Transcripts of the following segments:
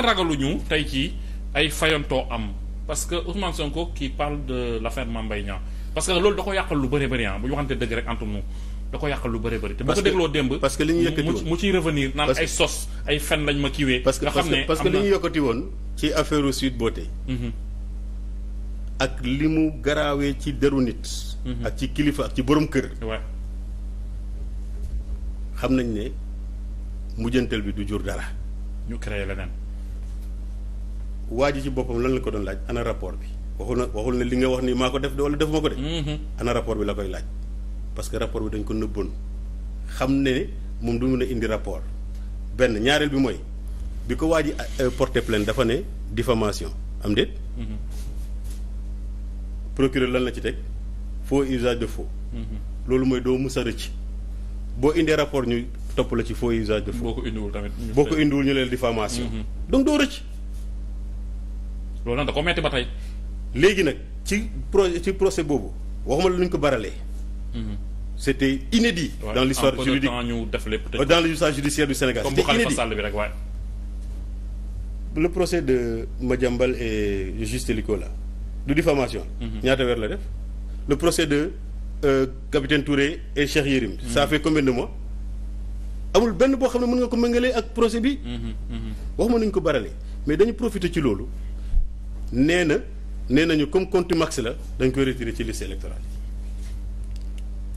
que ragaluñu tey ci ay fayantoo am parce que Ousmane Sonko qui parle de l'affaire Mame Mbaye Niang parce que loolu da ko lu bëri bëri ah, bu ñu waxante dëgg rek entre ko ko dégloo démb. parce que li ñu yëkkati woon mu ciy revenir naan ay sos ay fen lañ ma kiiwee. nga xam ne parce que li ñu yëkkati woon ci affaire Sweet mhm. ak li mu garaawee ci deru nit. Mhm. ak ci kilifa ak ci borom kër. waaw xam nañ ne mujjantal bi du jur dara. ñu créé leneen. waa ji ci boppam lan la ko doon laaj ana rapport bi waxul na waxul na li nga wax ni maa ko def de wala defuma ko de. Mm-hmm. ana rapport bi la koy laaj. parce que rapport bi dañ ko nëbboon xam ne moom du mun a indi rapport benn ñaareel bi mooy bi ko waa ji euh, porté plainte dafa ne diffamation am déet. Mm-hmm. procureur lan la ci teg foo usage de faux. Mm-hmm. loolu mooy doo mus a rëcc boo indee rapport ñu topp la ci faux usage de faux. boo ko indiwul tamit boo ko indiwul ñu leen diffamation. donc doo rëcc. loolu nag da ba tey. léegi nag ci pro ci procès boobu waxuma la nu ñu ko barale mhm. c' était inédit. Ouais, dans l'histoire juridique ñu def lépp dans l'histoire judiciaire du Sénégal. c' était inédit comme bu Khalifa Sall bi rek waaye. le procès de Madiambal et Juste Lico là du diffamation. Mhm. ñaata weer la def. le procès de euh, capitaine Touré et Cheikh Yérim. Mm -hmm. ça fait combien amul benn boo xam ne mën nga ko mëngalee ak procès bi. Mhm, waxuma nañu ko baralee mais dañu profiter ci loolu. nee na nee nañu comme contumax la dañ koy retirer ci liste électorale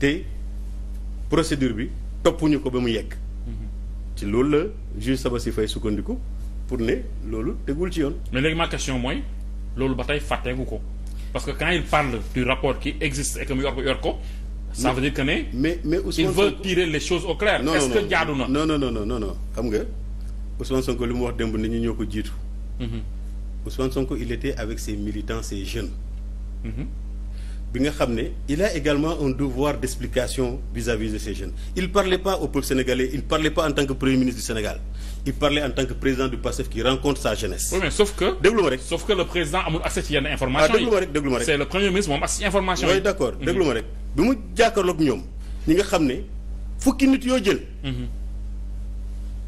yi te procédure bi toppuñu ko ba mu yegg. ci loolu la juge Sabassy Faye sukkandiku pour ne loolu tegul ci yoon. mais léegi ma question mooy loolu ba tey fàtteeku ko parce que quand il parle du rapport qui existe et que mu yor ko yor ko. que ne. mais mais Ousmane il veut les choses au clair. est-ce que jaadu na non non non non non non xam nga li mu wax démb nit ñi ñoo ko jiitu. Mhm. Ousmane Sonko il était avec ses militants ses jeunes. Mhm. bi nga xam ne il a également un devoir d'explication vis-à-vis de ces jeunes il parlait pas au peuple sénégalais il parlait pas en tant que premier ministre du Sénégal il parlait en tant que président du PASTEF qui rencontre sa jeunesse. oui mais ma rek. sauf que ah, ma rek déglu ma mhm. ma rek bi mu jàkkaarloog ñoom ñi nga xam ne fukki nit yoo jël. Mhm.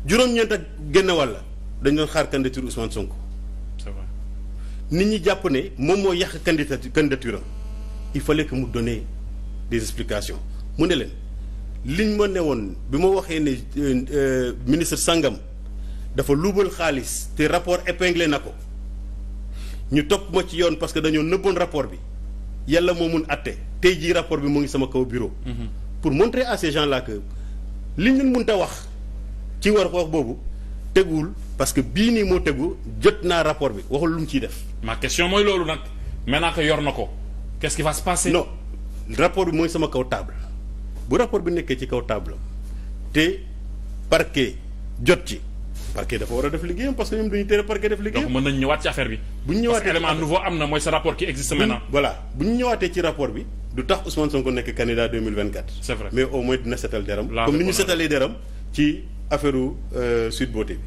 juróom-ñeent ak génn wàll dañu doon xaar candidature Ousmane Sonko. c'est nit ñi jàpp ne moom moo yàq candidature candidature am il fallait que mu donner des explications mu ne leen liñ ma ne woon bi ma waxee ne euh, euh, ministre sangam dafa luubal xaalis te rapport épinglé na ko ñu topp ma ci yoon parce que dañoo nëbboon rapport bi yàlla moo mun atte tey jii rapport bi mu ngi sama kaw biro mm-hmm. pour montrer à ces gens liñ leen mun ta wax ci war wax boobu teguwul. parce que bii nii moo tegu jot naa rapport bi waxul lu mu ciy def. ma question mooy loolu nag maintenant que yor na ko qu'est-ce qui va se passer. non rapport bi mooy sama kaw table bu rapport bi nekkee ci kaw table te parquet jot ci parquet dafa war a def liggéeyam parce que ñoom dañuy tere parquet def liggéeyam. donc mën nañu ñëwaat ci affaire bi. bu ñu ñëwaatee parce que élément nouveau am na mooy sa rapport qui existe maintenant. voilà bu ñu ñëwaatee ci rapport bi. du tax Ousmane Sonko nekk candidat mais au dina setal deram comme ni ñu setalee deram ci affaire euh, Sweet Beauté